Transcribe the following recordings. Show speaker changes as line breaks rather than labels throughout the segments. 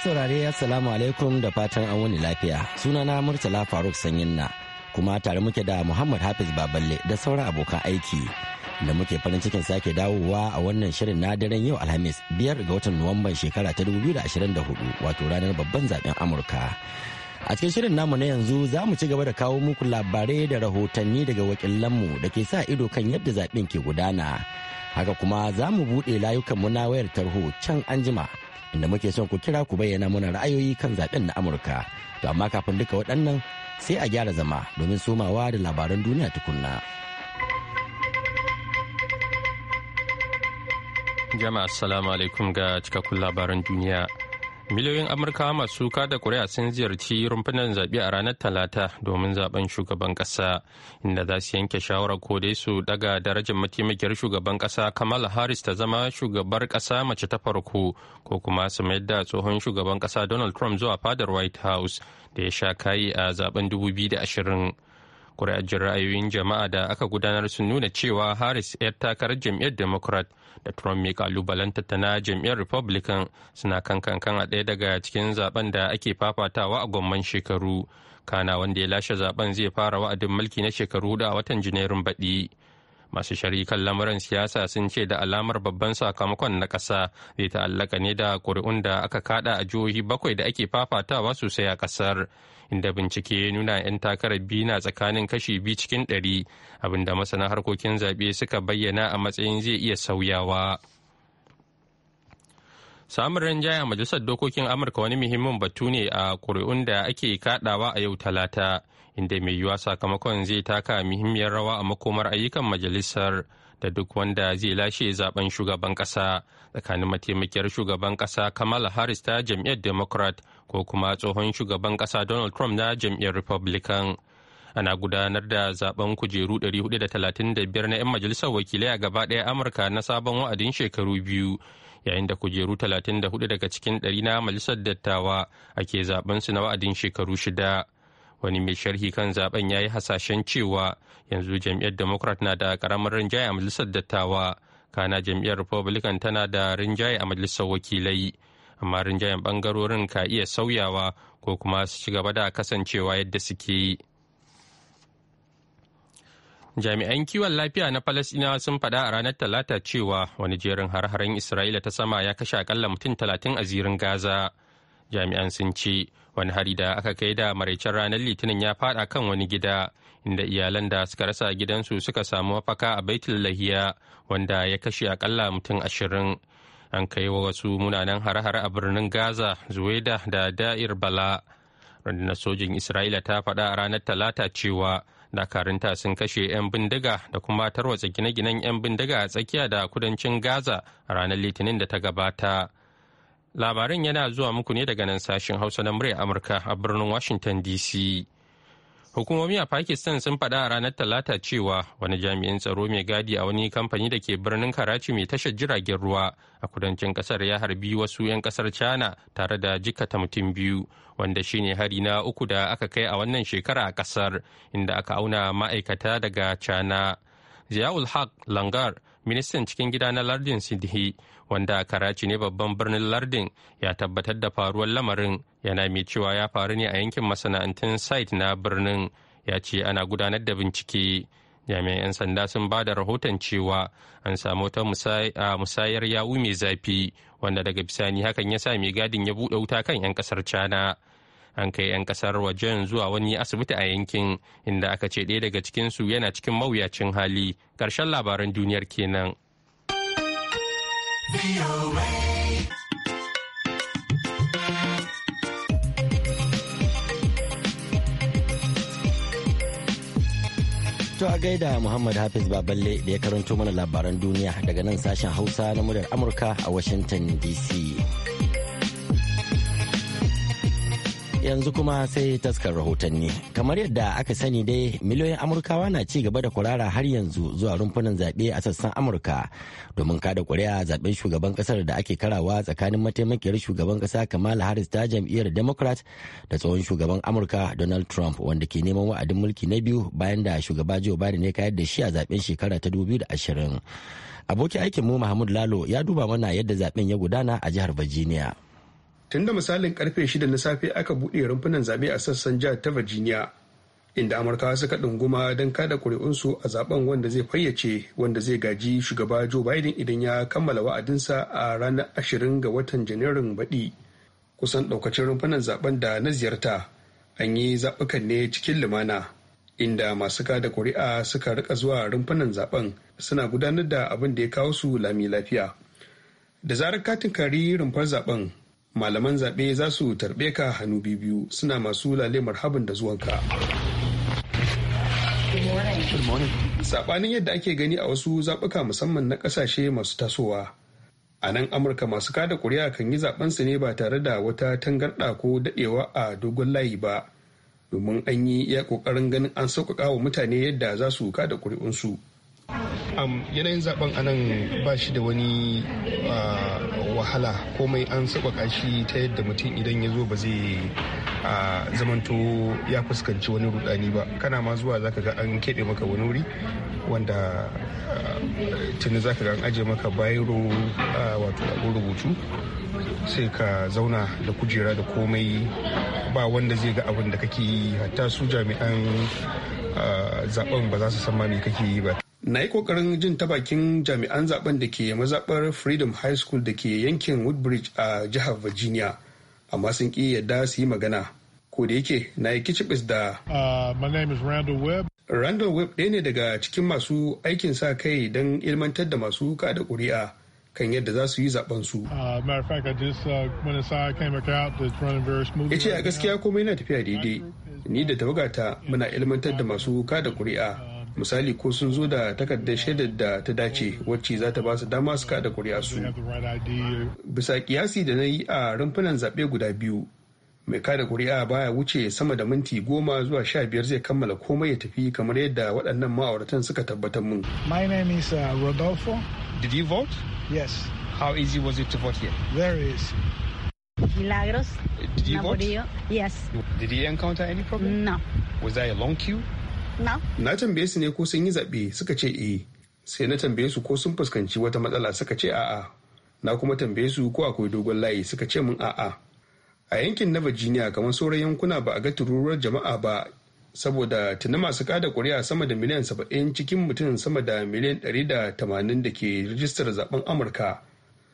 saurare Assalamu alaikum da fatan an wani lafiya. Sunana Murtala Faruk Sanyin na kuma tare muke da Muhammad Hafiz Baballe da sauran abokan aiki. Da muke farin cikin sake dawowa a wannan shirin na daren yau Alhamis biyar ga watan Nuwamban shekara ta hudu wato ranar babban zaben Amurka. A cikin shirin namu na yanzu za mu ci gaba da kawo muku labarai da rahotanni daga wakilanmu da ke sa ido kan yadda zaben ke gudana. Haka kuma za mu buɗe layukanmu na wayar tarho can anjima inda muke son ku kira ku bayyana mana ra'ayoyi kan zaɓen na Amurka. To amma kafin duka waɗannan sai a gyara zama domin somawa da labaran duniya tukunna.
Jama'a assalamu alaikum ga cikakkun labaran duniya. miliyoyin amurka masu kada kuri'a sun ziyarci rumfunan zaɓe a ranar talata domin zaben shugaban ƙasa inda za su yanke shawarar ko dai su daga darajar mataimakiyar shugaban ƙasa kamala harris ta zama shugabar ƙasa mace ta farko ko kuma su mayar da tsohon shugaban ƙasa donald trump zuwa fadar white house da ya sha kayi a zaben 2020 kuri'ar ra'ayoyin jama'a da aka gudanar sun nuna cewa harris 'yar takarar jam'iyyar democrat da trump mai kalubalanta ta na jam'iyyar republican suna kan kankan a ɗaya daga cikin zaben da ake fafatawa a gomman shekaru kana wanda ya lashe zaben zai fara wa'adin mulki na shekaru da watan janairun baɗi masu sharikan lamuran siyasa sun ce da alamar babban sakamakon na ƙasa zai ta'allaka ne da ƙuri'un da aka kada a jihohi bakwai da ake fafatawa sosai a ƙasar inda bincike ya nuna 'yan takarar biyu na tsakanin kashi biyu cikin ɗari abinda masana harkokin zaɓe suka bayyana a matsayin zai iya sauyawa. samun rinjaya a majalisar dokokin amurka wani muhimmin batu ne a ƙuri'un da ake kaɗawa a yau talata inda mai yiwuwa sakamakon zai taka muhimmiyar rawa a makomar ayyukan majalisar da duk wanda zai lashe zaben shugaban kasa tsakanin mataimakiyar shugaban kasa kamala harris ta jam'iyyar democrat ko kuma tsohon shugaban kasa donald trump na jam'iyyar republican ana gudanar da zaben kujeru 435 na 'yan majalisar wakilai a gaba ɗaya amurka na sabon wa'adin shekaru biyu yayin da kujeru 34 daga cikin 100 na majalisar dattawa ake zaben su na wa'adin shekaru shida. wani mai sharhi kan zaben ya yi hasashen cewa yanzu jam'iyyar democrat na da karamar rinjaye a majalisar dattawa kana jam'iyyar republican tana da rinjaye a majalisar wakilai amma rinjayen bangarorin ka iya sauyawa ko kuma su ci gaba da kasancewa yadda suke yi jami'an kiwon lafiya na falasɗinawa sun faɗa a ranar talata cewa wani jerin har-haren isra'ila ta sama ya kashe akalla mutum talatin a zirin gaza jami'an sun ce wani hari da aka kai da maraicen ranar litinin ya fada kan wani gida inda iyalan da suka rasa gidansu suka samu mafaka a baitul lahiya wanda ya kashe akalla mutum ashirin an kai wa wasu munanan hare-hare a birnin gaza zuweda da da'ir bala rundunar sojin isra'ila ta faɗa a ranar talata cewa dakarunta sun kashe 'yan bindiga da kuma tarwatsa gine-ginen 'yan bindiga a tsakiya da kudancin gaza a ranar litinin da ta gabata Labaran yana zuwa muku ne daga nan sashen Hausa na murya Amurka a birnin Washington DC. Hukumomi a Pakistan sun faɗa a ranar Talata cewa wani jami'in tsaro mai gadi a wani kamfani da ke birnin Karachi mai tashar jiragen ruwa a kudancin kasar ya harbi wasu 'yan kasar China tare da jikata mutum biyu wanda shine hari na uku da aka kai a wannan shekara a kasar inda aka auna ma'aikata daga China. Ziaul Haq Langar ministan cikin gida na lardin sidhi wanda karachi ne babban birnin lardin ya tabbatar da faruwar lamarin yana mai cewa ya faru ne a yankin masana'antun site na birnin ya ce ana gudanar da bincike jami'an 'yan sanda sun ba da rahoton cewa an samu wata musayar yawu mai zafi wanda daga bisani hakan ya sa mai gadin ya buɗe wuta kan 'yan ƙasar china an kai 'yan kasar wajen zuwa wani asibiti a yankin inda aka ce ɗaya daga cikinsu yana cikin mawuyacin hali ƙarshen labaran duniyar kenan.
To a gaida Muhammad Hafiz Baballe da ya karanto mana labaran duniya daga nan sashen Hausa na muryar Amurka a Washington DC. yanzu kuma sai taskar rahotanni kamar yadda aka sani dai miliyoyin amurkawa na ci gaba da kurara har yanzu zuwa rumfunan zaɓe a sassan amurka domin kada kuri'a zaɓen shugaban ƙasar da ake karawa tsakanin mataimakiyar shugaban ƙasa kamala harris ta jam'iyyar democrat da tsohon shugaban amurka donald trump wanda ke neman wa'adin mulki na biyu bayan da shugaba joe biden ya kayar da shi a zaɓen shekara ta 2020 abokin aikinmu mahmud lalo ya duba mana yadda zaɓen ya gudana a jihar virginia tun da misalin
karfe 6 na safe aka buɗe rumfunan zaɓe a sassan jihar ta virginia inda amurkawa suka ɗunguma don kada ƙuri'unsu a zaben wanda zai fayyace wanda zai gaji shugaba joe biden idan ya kammala wa'adinsa a ranar 20 ga watan janairun baɗi kusan ɗaukacin rumfunan zaben da na ziyarta an yi zaɓukan ne cikin lumana inda masu kada kuri'a suka rika zuwa rumfunan zaben suna gudanar da abin da ya kawo su lami lafiya da zarar katin kari rumfar zaben malaman zaɓe za su tarbe ka hannu biyu suna masu lale marhaban da zuwanka. Saɓanin yadda ake gani a wasu zaɓuka musamman na ƙasashe masu tasowa. A nan Amurka masu kada ƙuri'a kan yi zaɓensu ne ba tare da wata tangarɗa ko daɗewa a dogon layi ba, domin an yi iya ƙoƙarin ganin an sauƙaƙa wa mutane yadda za su kada ƙuri'unsu. Um, yanayin zaben anan ba shi da wani uh, wahala komai an sauƙaƙa shi ta yadda mutum idan ya zo ba zai uh, zamanto ya fuskanci wani rudani ba kana ma zuwa zaka ga an keɓe maka wani wuri wanda tuni zaka ga an aje maka bayro wato abin rubutu sai ka zauna da kujera da komai ba wanda zai ga abin da kake yi hatta su jami'an zaben ba za su san ma me kake yi ba na yi kokarin jin ta bakin jami'an zaben da ke mazaɓar freedom high school da ke yankin woodbridge a jihar virginia amma sun ki yadda su yi magana ko da yake na yi kicibis da uh, randall webb ɗaya ne daga cikin masu aikin sa kai don ilmantar da masu kada ƙuri'a kan yadda za su yi zaben su. Uh, uh,
ya ce a gaskiya
komai yana tafiya daidai. Ni da tawagata muna ilmantar da masu kada ƙuri'a misali ko sun zo da takardar shaidar da ta dace wacce za ta ba su dama su kada kuri'a su bisa kiyasi da na yi a rumfunan zaɓe guda biyu mai kada kuri'a baya wuce sama da minti goma zuwa sha biyar zai kammala komai ya tafi kamar yadda waɗannan ma'auratan suka tabbatar mun. My Milagros. Uh, Did you vote? Yes. Did you encounter any problem? No. Was there a long queue? Na tambaye su ne ko sun yi zaɓe suka ce eh. Sai na tambaye su ko sun fuskanci wata matsala suka ce a'a. Na kuma tambaye su ko akwai dogon layi suka ce min a'a. A yankin na Virginia kamar sauran yankuna ba a ga tururuwar jama'a ba saboda tuni masu kada kuri'a sama da miliyan saba'in cikin mutum sama da miliyan ɗari da tamanin da ke rijistar zaben Amurka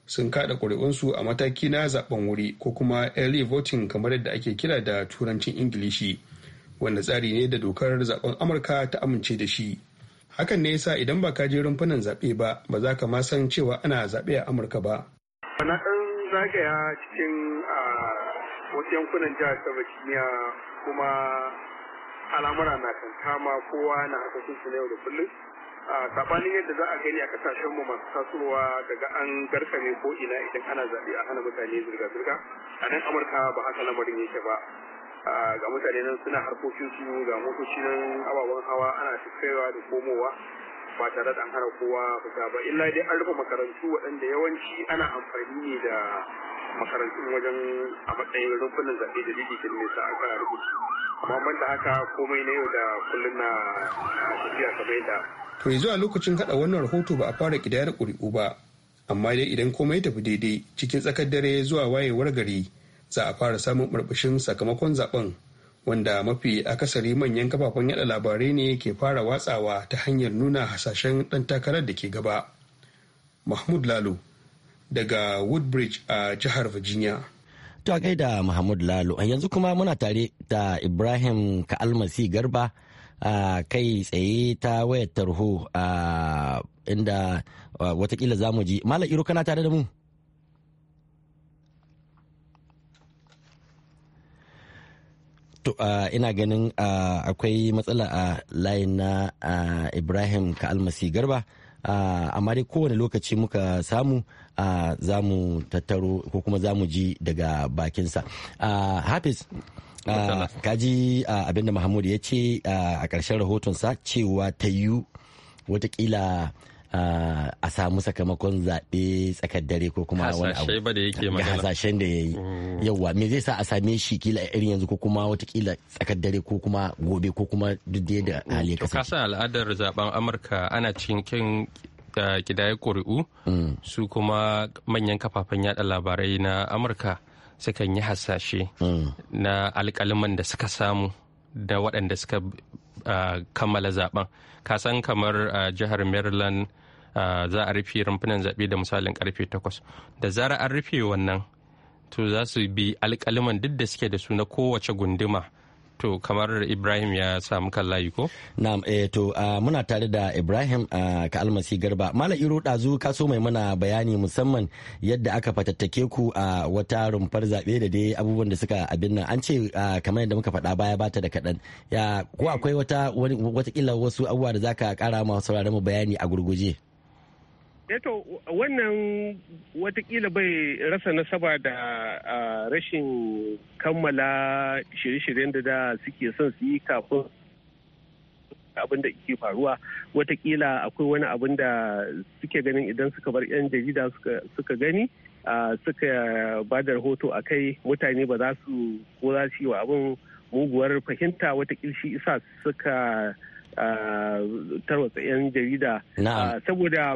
sun kada kuri'unsu a mataki na zaben wuri ko kuma early voting kamar yadda ake kira da turancin Ingilishi. wanda tsari ne da dokar zaben amurka ta amince da shi hakan ne yasa idan ba ka je rumfunan zaɓe ba ba za ka ma san cewa ana zaɓe a amurka ba na ɗan zagaya cikin wasu yankunan jihar ta virginia kuma al'amura na kan kama kowa na harkokin su na yau da kullum a sabanin yadda za a gani a kasashen mu masu tasowa daga an garkame ko ina idan ana zaɓe a hana mutane zirga-zirga a nan amurka ba haka lamarin yake ba ga mutane nan suna harkokin su ga motoci nan ababen hawa ana kaiwa da komowa ba tare da an hana kowa fita ba illa dai an rufe makarantu waɗanda yawanci ana amfani ne da makarantun wajen a matsayin rumfunan zaɓe da likitin nesa aka rubutu amma ban da haka komai na yau da kullum na tafiya kamar yadda to yanzu a lokacin haɗa wannan rahoto ba a fara ƙidayar ƙuri'u ba amma dai idan komai tafi daidai cikin tsakar dare zuwa wayewar gari za a fara samun ɓarɓashin sakamakon zaben wanda mafi akasari manyan kafafen yada labarai ne ke fara watsawa ta hanyar nuna hasashen ɗan takarar da ke gaba mahmud lalo daga woodbridge a jihar virginia
to a gaida mahmud lalo yanzu kuma muna tare da ibrahim ka'almasi garba a kai tsaye ta wayar tarho a inda watakila za ji malam iro kana tare da mu to ina ganin akwai matsala a layin na ibrahim ka almasi garba amma dai kowane lokaci muka samu za mu tattaro ko kuma za mu ji daga bakinsa hafiz Uh, kaji uh, abinda mahmud ya ce uh, a ƙarshen rahotonsa cewa ta yiwu watakila a samu sakamakon zaɓe tsakar dare ko kuma wani abu ga hasashen da ya yi mm. yawwa me zai sa a same shi kila a irin yanzu ko kuma watakila tsakar dare ko kuma gobe ko kuma duk da mm. hali ya
kasance. kasan al'adar zaben amurka ana cikin kidaye ƙuri'u mm. su kuma manyan kafafen yada labarai na amurka sukan yi hasashe na alƙaliman da suka samu da waɗanda suka kammala zaben kasan kamar jihar maryland za a rufe rumfunan zaɓe da misalin karfe takwas da zarar an rufe wannan to za su bi alkaliman duk da suke da su na kowace gunduma to kamar ibrahim ya samu kan ko na'am
eh to muna tare da ibrahim uh, ka almasi garba malam iro dazu ka so mai mana bayani musamman yadda aka fatattake ku a wata rumfar zaɓe da dai abubuwan da suka abin nan an ce kamar yadda muka faɗa baya bata da kaɗan ya ko akwai wata wani watakila wasu abubuwa da zaka ƙara ma sauraron mu bayani a gurguje
Eto eh, wannan watakila bai rasa nasaba da rashin kammala shirye-shiryen da da suke son su yi kafin abin da ke faruwa watakila akwai wani abin da suke ganin idan suka bar 'yan jarida suka gani suka ba da rahoto a kai mutane ba za su ko za su yi wa abin muguwar fahimta watakil shi isa suka tarwatsa 'yan jarida saboda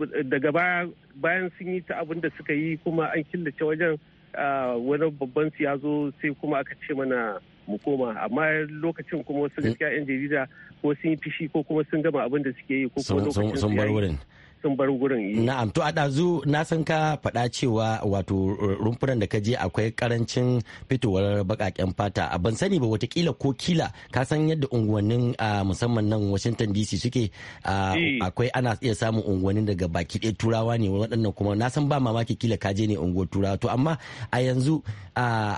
daga baya bayan sun yi ta abin da suka yi kuma an killace wajen wani babban su ya zo sai kuma aka ce mana mu koma amma lokacin kuma wasu eh. gaskiya yan jarida ko sun yi fishi ko kuma sun gama abin da suke yi ko kuma lokacin sun bar gurin.
Na'am to a ɗazu na san ka faɗa cewa wato rumfunan da ka je akwai karancin fitowar baƙaƙen fata a ban sani ba watakila ko kila ka san yadda unguwannin musamman nan Washington DC suke eh. akwai ana iya samun unguwannin daga baki ɗaya turawa ne waɗannan kuma na san ba mamaki kila ka je ne unguwar turawa to amma a yanzu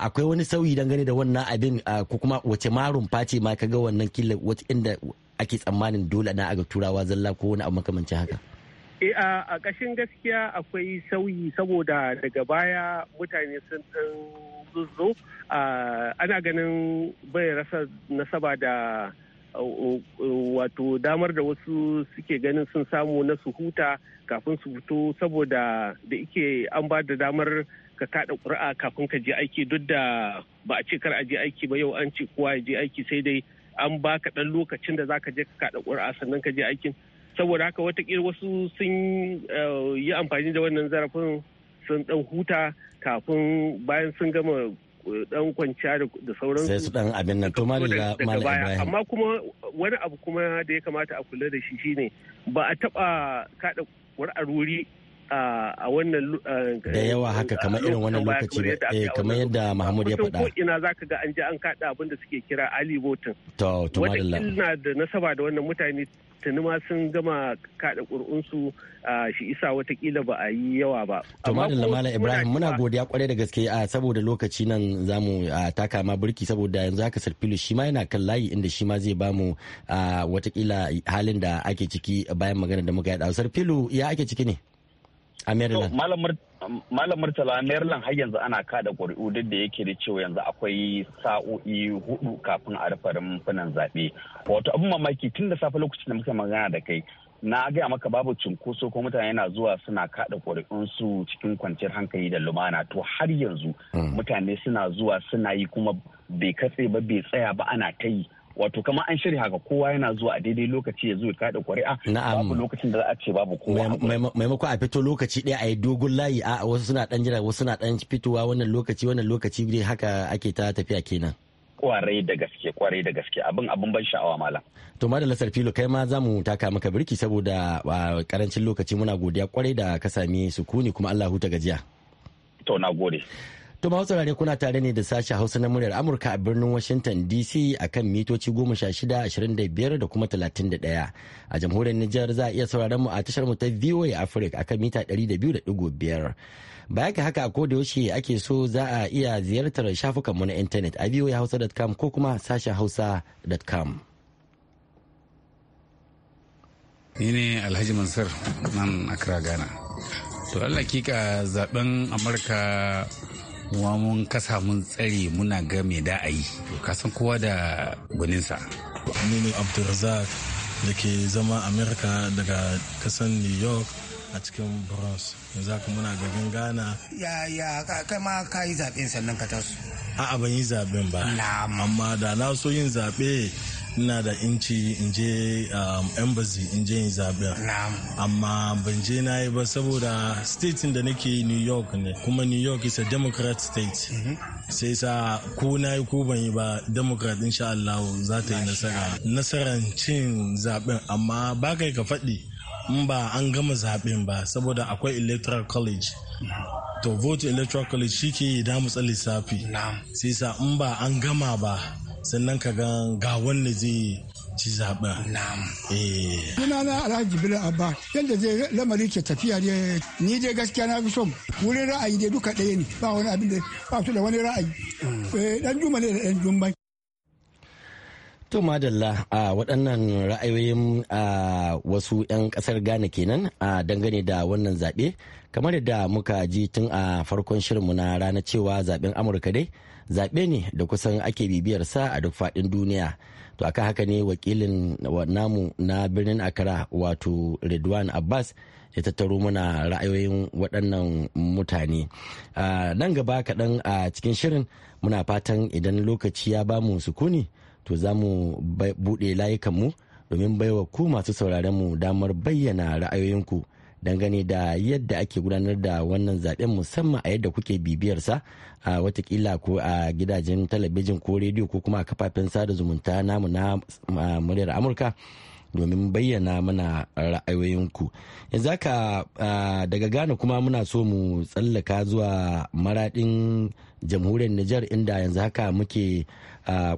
akwai wani sauyi dangane da wannan abin ko kuma wace ma rumfa ce ma ka ga wannan kila wata inda ake tsammanin dole na aga turawa zalla ko wani abu makamancin haka.
Eh, a ƙashin gaskiya akwai sauyi saboda daga baya mutane sun ɗan zuzzo ana ganin bai rasa nasaba da wato damar da wasu suke ganin sun samu na su huta kafin su fito saboda da ike an ba da damar ka kaɗa ƙuri'a kafin ka je aiki duk da ba a ce kar a je aiki ba yau an ce kowa ya je aiki sai dai an ba ka ɗan lokacin da za ka je ka kaɗa ƙuri'a sannan ka je aikin saboda haka watakila wasu sun eh, yi amfani da wannan zarafin sun dan huta kafin bayan sun gama dan eh, kwanciya da sauran sai su
dan abin nan to malala ibrahim amma
kuma wani abu kuma da ya kamata a kula da shi shine ba a taba kada ƙuri'ar wuri a wannan eh, da yawa haka kamar irin wannan lokaci ba eh kamar
yadda Mahmud ya faɗa ko
ina zaka ga an je an kada abin da suke kira Ali Botin
to to malala na
da nasaba da wannan mutane tuni ma sun gama kada ƙuri'unsu shi isa watakila ba a yi yawa ba. To Madalla Ibrahim
muna godiya kwarai da gaske a saboda lokaci nan za mu taka ma burki saboda yanzu haka Sarfilu shi ma yana kan layi inda shi ma zai bamu watakila halin da ake ciki bayan magana da muka yada Sarfilu ya ake ciki ne? a maryland
malam murtala maryland har yanzu ana kada ƙuri'u duk da yake da cewa yanzu akwai sa'o'i hudu kafin a rufe rumfunan zaɓe wato abin mamaki tun da safe lokacin da muka magana da kai na gaya maka babu cunkoso ko mutane na zuwa suna kada ƙuri'unsu cikin kwanciyar hankali da lumana to har yanzu hmm. mutane suna zuwa suna yi kuma bai katse ba bai tsaya ba ana ta yi wato kama an shirya haka kowa yana zuwa
a daidai lokaci ya zo ya kada ƙuri'a babu lokacin da za a ce babu kowa maimakon a fito lokaci ɗaya a yi dogon layi a wasu suna ɗan jira wasu suna ɗan fitowa wannan lokaci wannan lokaci ne haka ake ta tafiya kenan kwarai da gaske kwarai da gaske abin abin ban sha'awa malam to madalla filo kai ma za mu taka maka birki saboda karancin lokaci muna godiya kwarai da ka sami sukuni kuma Allah huta gajiya to na To ma saurare kuna tare ne da sashen Hausa na muryar Amurka a birnin Washington DC akan mitoci 16-25 da kuma 31. A jamhuriyar Nijar za a iya sauraron mu a tashar mu ta VOA Africa akan mita 200.5. Baya ga haka ko da yaushe ake so za a iya ziyartar shafukan mu na intanet a voahausa.com ko kuma sashen hausa.com.
Ni ne Alhaji Mansur nan Accra Ghana.
To Allah kika zaben Amurka kuma mun kasa mun tsare muna ga me da a yi kasan kowa da gwaninsa ni ne abdulrazak da ke zama amerika daga kasan new york a cikin bronx yanzu haka muna ga ghana ya ya kai ma ka yi zaɓen sannan ka taso a'a ban yi zaɓen ba amma da na so yin zaɓe ina da inci in
je um, embassy in je zaɓe amma ban je na yi ba saboda state da nake new york ne kuma new york is a democrat state mhm. sai sa
ko na yi ko ban yi ba democrat insha Allah za ta yi nasara nasarar cin zaben amma ba kai ka faɗi in ba an gama zaɓen ba saboda akwai
electoral college to vote electoral college shi ke yi damu lissafi sai
sa in ba an gama ba sannan ka ga ga wanda zai ci zaɓa. Eh.
Suna na Alhaji Bilal Abba yadda zai lamari ke tafiya ne ni dai gaskiya na fi son wurin ra'ayi dai duka ɗaya ne ba wani abin da ba su da wani ra'ayi. Dan mm. eh, Juma ne da Dan Jumbai.
To madalla a waɗannan ra'ayoyin a wasu 'yan ƙasar Ghana kenan a dangane da wannan zaɓe kamar da muka ji tun a farkon shirinmu na ranar cewa zaɓen Amurka dai zaɓe ne da kusan ake bibiyarsa a duk faɗin duniya to aka haka ne wakilin namu na birnin akara wato redwan abbas ya tattaro mana ra'ayoyin waɗannan mutane nan gaba kaɗan a cikin shirin muna fatan idan lokaci ya ba bamu sukuni to za mu buɗe layukanmu domin baiwa ku masu sauraron mu damar bayyana ra'ayoyinku dangane da yadda ake gudanar da wannan zaben musamman a yadda kuke bibiyarsa a watakila ko a gidajen talabijin ko rediyo ko kuma a kafafen sada zumunta namu na muryar amurka domin bayyana mana ra'ayoyinku yanzu haka daga ghana kuma muna so mu tsallaka zuwa maradin jamhuriyar niger inda yanzu haka muke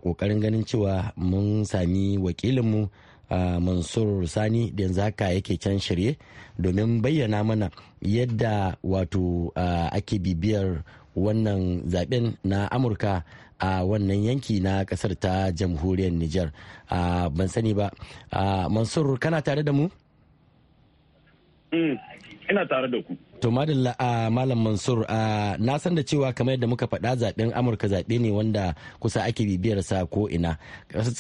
kokarin ganin cewa mun sami wakilinmu mansur sani da yanzu haka yake can shirye domin bayyana mana yadda wato ake bibiyar wannan zaben na amurka a wannan yanki na kasar ta jamhuriyar Nijar ban sani ba mansur kana tare da mu
mm, ina tare da ku
To madalla a Malam Mansur na san da cewa kamar yadda muka faɗa zaɓen Amurka zaɓe ne wanda kusa ake bibiyar sa ko ina.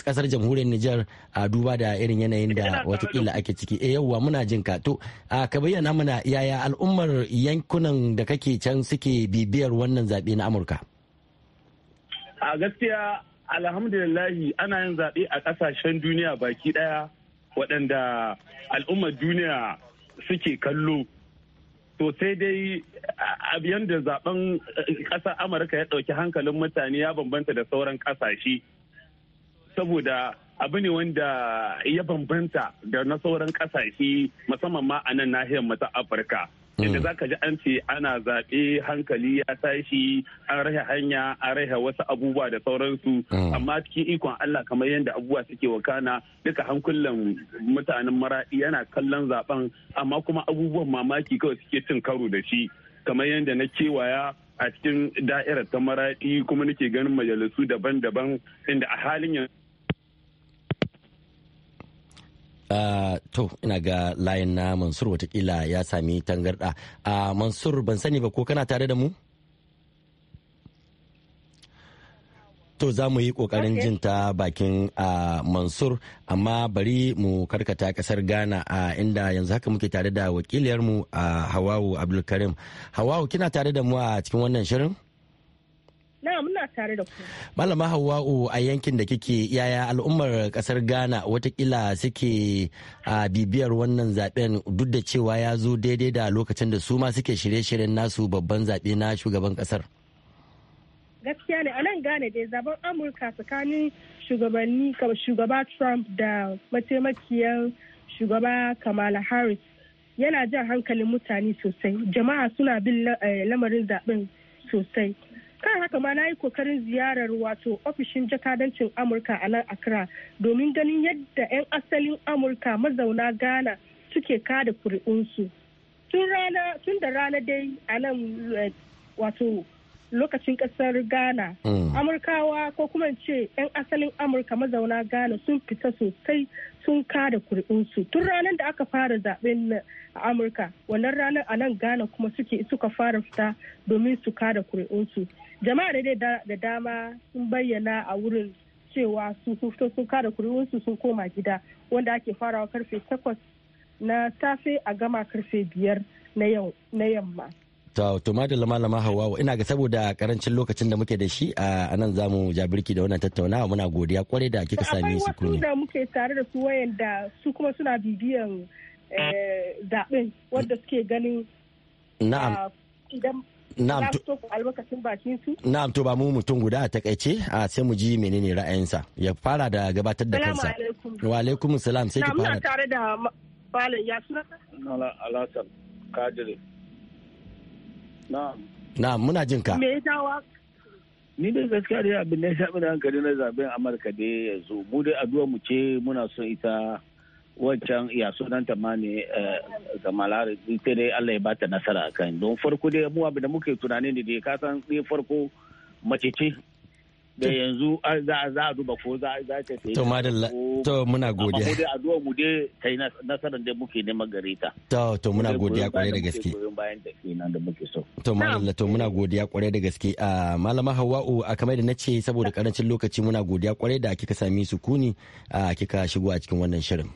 Kasar jamhuriyar Nijar a duba da irin yanayin da watakila ake ciki. E yauwa muna jin ka. To ka bayyana mana yaya al'ummar yankunan da kake can suke bibiyar wannan zaɓe na Amurka.
A gaskiya alhamdulillahi ana yin zaɓe a ƙasashen duniya baki ɗaya waɗanda al'ummar duniya suke kallo. to sai dai da zaben eh, ƙasar amurka ya ɗauki hankalin mutane ya bambanta da sauran ƙasashe saboda abu ne wanda ya bambanta da na sauran ƙasashe musamman ma a nan nahiyar mata afirka Yadda mm. za ka ji an ce ana zaɓe hankali ya tashi an rahe hanya an rahe wasu abubuwa da sauransu mm. amma cikin ikon Allah kamar yadda abubuwa suke wakana duka hankulan mutanen maraɗi yana kallon zaɓen amma kuma abubuwan mamaki kawai suke cin karo da shi kamar yadda na kewaya a cikin da'irar ta maraɗi kuma nake ganin majalisu daban-daban inda a halin yanzu
to ina ga layin na mansur watakila ya sami tangarda uh, mansur ban sani ba ko kana tare da mu to za mu yi kokarin jin ta bakin uh, mansur amma bari mu karkata kasar ghana a inda yanzu haka muke tare da wakiliyarmu a hawawu abdulkarim hawawu kina tare da mu a cikin wannan shirin tare da ku. Malama Hauwa'u a yankin da kike yaya al'ummar kasar Ghana watakila suke a bibiyar wannan zaben duk da cewa ya zo daidai da lokacin da su ma suke shirye-shiryen nasu babban zaɓe na shugaban kasar.
Gaskiya ne a nan Ghana dai zaben Amurka tsakanin shugabanni shugaba Trump da mataimakiyar shugaba Kamala Harris yana jan hankalin mutane sosai jama'a suna bin eh, lamarin zaben sosai kan haka ma na yi kokarin ziyarar wato ofishin jakadancin amurka a nan accra domin ganin yadda 'yan asalin amurka mazauna ghana suke kada kuri'unsu tun da rana dai a nan eh, wato lokacin kasar ghana mm. amurkawa ko kuma ce 'yan asalin amurka mazauna ghana sun fita sosai sun kada kuri'unsu tun ranar da aka fara zaben a amurka wannan ranar a nan ghana kuma suke suka fara fita domin su kada kuri'unsu jama'a da da dama sun bayyana a wurin cewa su sun fito sun kada kuri'unsu sun koma gida wanda ake farawa karfe takwas na safe a gama karfe biyar na yamma.
to ma malama hawawa ina ga saboda karancin lokacin da muke da shi a nan za mu jabirki da wannan tattaunawa muna godiya kwarai da kika sami su kuma. da
muke tare da su wayanda su kuma suna bibiyan eh, zaɓen wanda suke ganin. Na'am. Ah, idan Na'am to albarkacin bakin su. Na'am
to ba mu mutum guda a takaice a sai mu ji menene ra'ayinsa. Ya fara da gabatar da kansa. Wa alaikum salam sai ki fara. Na
tare da Malam ya suna. Na
Alasan Kadiri. Na'am. Na'am muna jin ka. Me
ya Ni dai gaskiya dai abin da ya shafi da hankali na zaben Amurka dai yanzu mu dai addu'a mu ce muna son ita wancan ya sunanta ma ne eh, ga malari ita dai Allah ya bata nasara a kan don farko dai mu abin da muke tunanin da dai kasan ne farko mace ce da yanzu za a duba ko za a ta to madalla to muna godiya amma dai addu'a mu dai kai nasaran nasarar da muke neman gare ta to
to muna godiya kwarai da gaske da ah, da to madalla to muna godiya kwarai da gaske a malama Hawwa'u a kamar da nace saboda karancin lokaci muna godiya kwarai da kika sami sukuni ah, kika shigo a cikin wannan shirin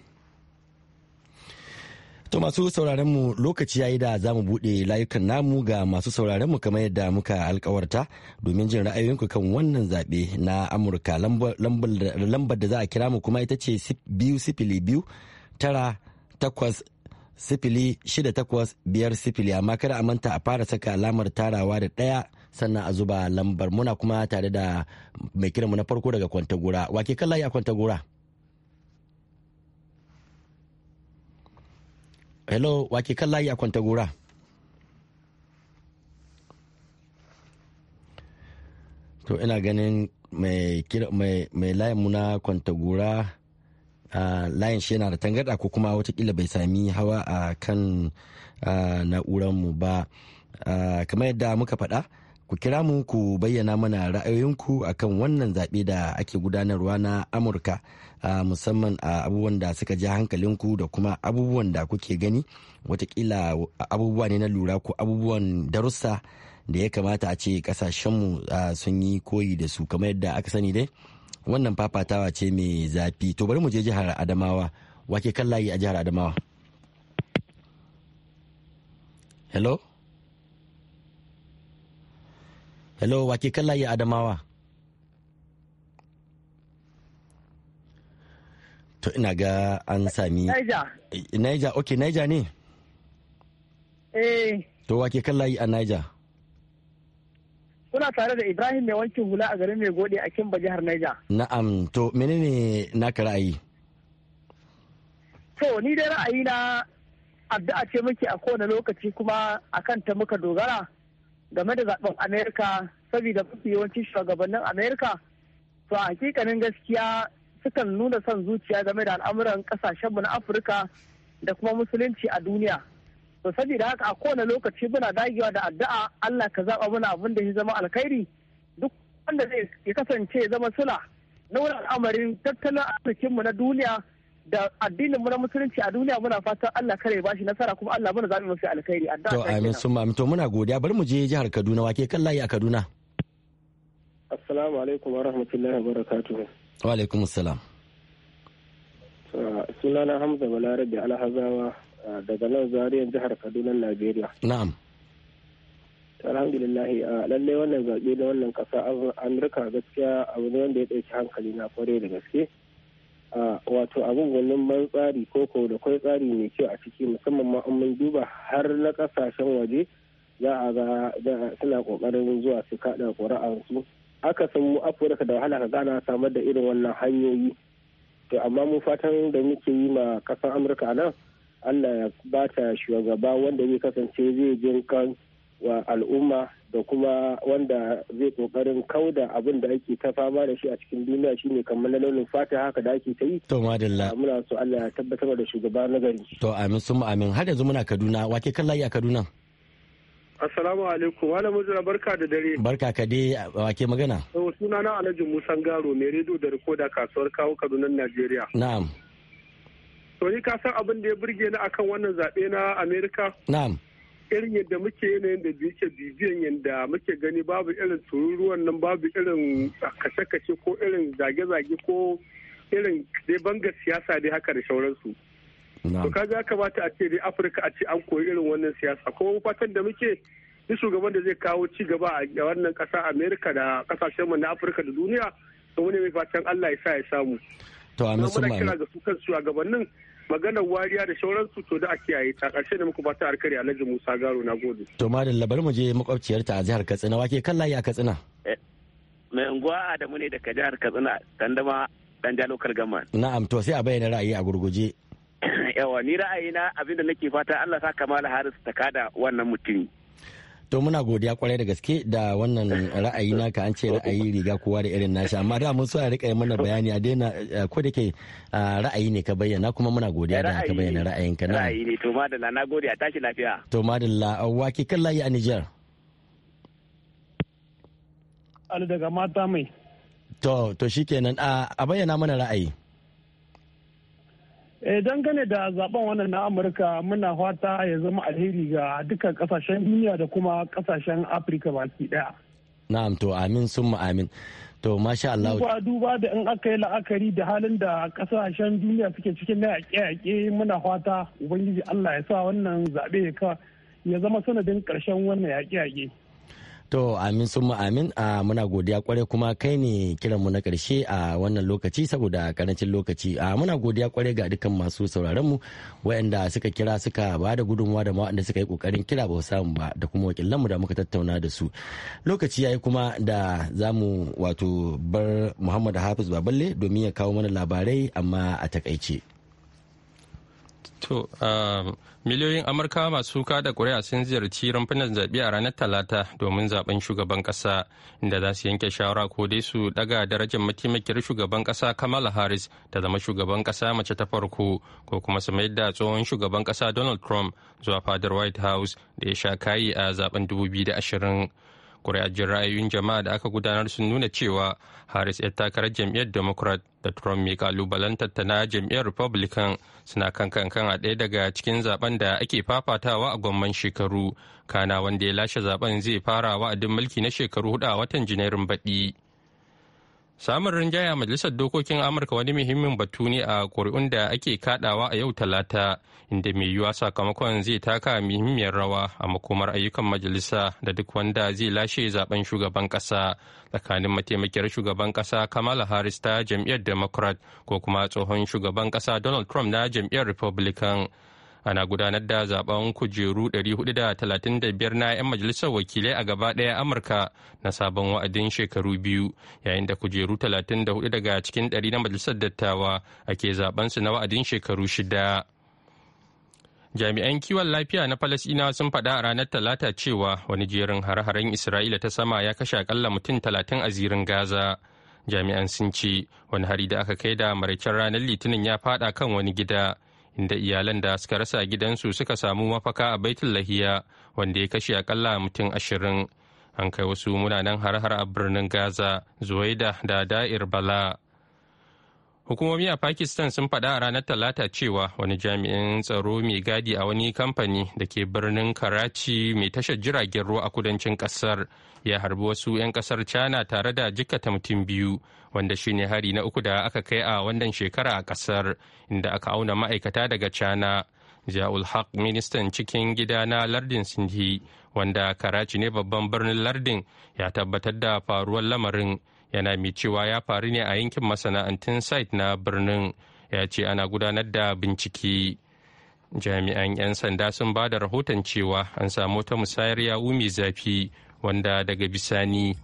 To masu sauraron mu lokaci yayi da za mu buɗe layukan namu ga masu sauraron mu kamar yadda muka alkawarta domin jin ra'ayoyinku kan wannan zaɓe na Amurka lambar da za a kira mu kuma ita ce biyu sifili biyu tara takwas sifili shida takwas biyar sifili amma kada a manta a fara saka alamar tarawa da ɗaya sannan a zuba lambar muna kuma tare da mai kiranmu na farko daga kwantagora wake kan layi a kwantagora. hello wake kan layi a kwantagora to ina ganin mai layin na kwantagora layin shi yana da tangarda ko kuma watakila bai sami hawa a kan na'uranmu ba kamar yadda muka faɗa ku kira mu ku bayyana mana ra'ayoyinku akan wannan zaɓe da ake gudanarwa na amurka musamman a abubuwan da suka ja hankalinku da kuma abubuwan da kuke gani watakila abubuwa ne na lura ko abubuwan darussa da ya kamata a ce kasashenmu sun yi koyi da su kamar yadda aka sani dai wannan fafatawa ce mai zafi to bari mu je jihar adamawa wake kan layi a jihar adamawa hello hello wake kan layi adamawa to ina ga an sami Niger Niger ok Niger ne eh to wake kan layi a Niger
kuna tare da Ibrahim mai wankin hula a garin mai gode a Kimba jihar Niger
na'am to menene naka ra'ayi
to ni dai ra'ayi na addu'a ce muke a kowane lokaci kuma akan ta muka dogara game da zaɓen Amerika saboda mafi yawancin shugabannin Amerika to a hakikanin gaskiya sukan nuna son zuciya game da al'amuran kasashenmu na afirka da kuma musulunci a duniya to saboda haka a kowane lokaci muna dagewa da addu'a allah ka zaba mana abin da ya zama alkhairi duk wanda zai ya kasance zama sula na wurin al'amarin tattalin arzikinmu na duniya da addininmu na musulunci a duniya muna fatan Allah kare ba shi nasara kuma Allah mana zaɓi mafi alkhairi addu'a to amin
sun mamin to muna godiya bari mu je jihar Kaduna wake kan layi a Kaduna
assalamu alaikum wa rahmatullahi wa barakatuhu
wa alaikum suna
ah, sunana hamza balarabe alhazawa ah, daga nan zariyar jihar kaduna najeriya na'am alhamdulillah ah, lallai wannan zaɓe da wannan ƙasa amurka gaskiya abu ne wanda ya ɗauki hankali na kware da gaske wato abin gwanin ban tsari koko da kwai tsari mai kyau a ciki musamman ma duba har na ƙasashen waje za a ga suna ƙoƙarin zuwa su kaɗa su aka samu afirka da wahala ka gana samar da irin wannan hanyoyi to amma mu fatan da muke yi ma kasar amurka a nan allah ya ba ta shugaba wanda zai kasance zai jin kan wa al'umma da kuma wanda zai kokarin kauda abin da ake ta fama da shi a cikin duniya shine kamar na launin fata haka da ake ta yi to madalla muna so allah ya tabbatar da shugaba na gari
to amin sun amin har yanzu muna kaduna wake kan layi a kaduna
asalamu alaikum. Malam Mujira barka da dare.
Barka ka dai wake magana.
Suna na Alhaji musa Garo mai rediyo da rikoda kasuwar kawo kadunan Najeriya. Na'am. To ni ka san abin da ya burge ni akan wannan zaɓe na Amerika? Na'am. Irin yadda muke yanayin da yake bibiyan yadda muke gani babu irin tururuwan nan babu irin kashe-kashe ko irin zage-zage ko irin dai banga siyasa dai haka da sauransu. to kaga ya kamata a ce dai afirka a ce an koyi irin wannan siyasa kuma fatan da muke ni shugaban da zai kawo ci gaba a wannan kasa amerika da kasashen mu na afirka da duniya to wani mai fatan allah ya sa ya samu to a nasu ma kira ga su kan shugabannin maganar wariya da sauransu to da a kiyaye ta karshe da muku fata alkari alhaji musa garo na gode
to madan labar mu je makwabciyarta a jihar katsina wake kan layi a katsina
eh, mai unguwa adamu ne daga jihar katsina dandama dan jalo kalgama
na'am to sai a bayyana ra'ayi a gurguje
yawa ni ra'ayina abinda nake fata Allah sa Kamala Harris ta kada wannan mutumi
to muna godiya kwarai da gaske da wannan ra'ayi naka an ce ra'ayi riga kowa da irin nashi amma da mun so a rika mana bayani a daina eh, ko da ke eh, ra'ayi ne ka bayyana kuma muna godiya da ka bayyana ra'ayin ka na ra'ayi
ne to madalla na gode a tashi lafiya
to madalla wake kan layi a Niger Ali daga mata mai to to shikenan a bayyana mana ra'ayi Eh,
dangane da zaben wannan na amurka muna fata ya zama alheri ga dukkan kasashen duniya da kuma kasashen afirka baki daya
na'am to amin sun amin to masha Allah duba
duba da in aka yi la'akari da halin da kasashen duniya suke cikin na yaƙe-yaƙe muna fata ubangiji Allah ya sa wannan zaɓe ya zama sanadin ƙarshen wannan yaƙe-yaƙe
To amin sun mu amin a muna godiya kwarai kuma kai ne kiranmu na karshe a wannan lokaci saboda karancin lokaci a muna godiya kwarai ga dukkan masu sauraron mu waɗanda suka kira suka ba da gudunmawa da waɗanda suka yi kokarin kira ba samu ba da kuma wakilanmu da muka tattauna da su lokaci yayi kuma da zamu wato bar Muhammad Hafiz Baballe domin ya kawo mana labarai amma a takaice.
To, um, miliyoyin Amurka masu kada kuri'a sun ziyarci rumfunan zaɓe a ranar Talata domin zaɓen shugaban ƙasa, inda za su yanke shawara ko dai su daga darajar mataimakiyar shugaban ƙasa Kamala Harris ta zama shugaban ƙasa mace ta farko, ko kuma su mayar da tsohon shugaban ƙasa Donald Trump zuwa fadar White House da ya sha kayi a zaben 2020. jin ra'ayoyin jama'a da aka gudanar sun nuna cewa Harris 'yar takarar jam'iyyar Democrat da trump mai kalubalen tattana na jam'iyyar republican suna kan kankan a ɗaya daga cikin zaben da ake fafatawa a gwamman shekaru kana wanda ya lashe zaben zai fara wa'adin mulki na shekaru hudu a watan janairun baɗi samun rinjaya majalisar dokokin amurka wani muhimmin batu ne a ƙuri'un da ake kaɗawa a yau talata inda mai yiwuwa sakamakon zai taka muhimmiyar rawa a makomar ayyukan majalisa da duk wanda zai lashe zaben shugaban ƙasa tsakanin mataimakiyar shugaban kasa kamala harris ta jam'iyyar democrat ko kuma tsohon shugaban kasa donald trump na jam'iyyar republican ana gudanar da zaben kujeru 435 na 'yan majalisar wakilai a gaba ɗaya amurka na sabon wa'adin shekaru biyu yayin da kujeru 34 daga cikin 100 na majalisar dattawa ake zaben su na wa'adin shekaru shida. jami'an kiwon lafiya na falasina sun faɗa a ranar talata cewa wani jerin hare haren isra'ila ta sama ya kashe akalla mutum talatin a zirin gaza jami'an sun ce wani hari da aka kai da maraicen ranar litinin ya faɗa kan wani gida inda iyalan da suka rasa gidansu suka samu mafaka a baitul lahiya wanda ya kashe akalla mutum ashirin an kai wasu munanan hare-hare a birnin gaza zuwaida da da'ir bala Hukumomi a Pakistan sun faɗa a ranar Talata cewa wani jami'in tsaro mai gadi a wani kamfani da ke birnin Karachi mai tashar jiragen ruwa a kudancin ƙasar ya harbi wasu 'yan ƙasar China tare da jikata mutum biyu wanda shi ne hari na uku da aka kai a wannan shekara a ƙasar inda aka auna ma'aikata daga China. Ja'ul Haq ministan cikin gida na lardin Sindhi wanda Karachi ne babban birnin lardin ya tabbatar da faruwar lamarin. yana mai cewa ya faru ne a yankin masana'antun site na birnin ya ce ana gudanar da bincike jami'an 'yan sanda sun ba da rahoton cewa an samu wata musayar yawu mai zafi wanda daga bisani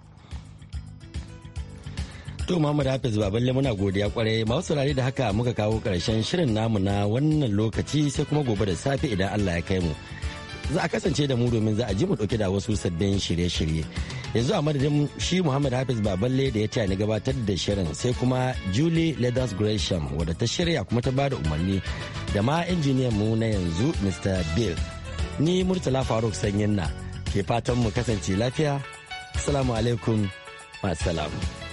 To Muhammad Hafiz balle muna godiya kwarai wasu saurare da haka muka kawo karshen shirin namu na wannan lokaci sai kuma gobe da safe idan Allah ya kai mu. za a kasance da mu domin za a ji mu dauke da wasu sabbin shirye-shirye yanzu a madadin shi muhammad hafiz baballe da ya taya ni gabatar da shirin sai kuma julie leathers gresham wadda ta shirya kuma ta bada umarni da ma injiniyan mu na yanzu mr bill ni murtala faruk sanyin na ke fatan mu kasance lafiya assalamu alaikum masu salamu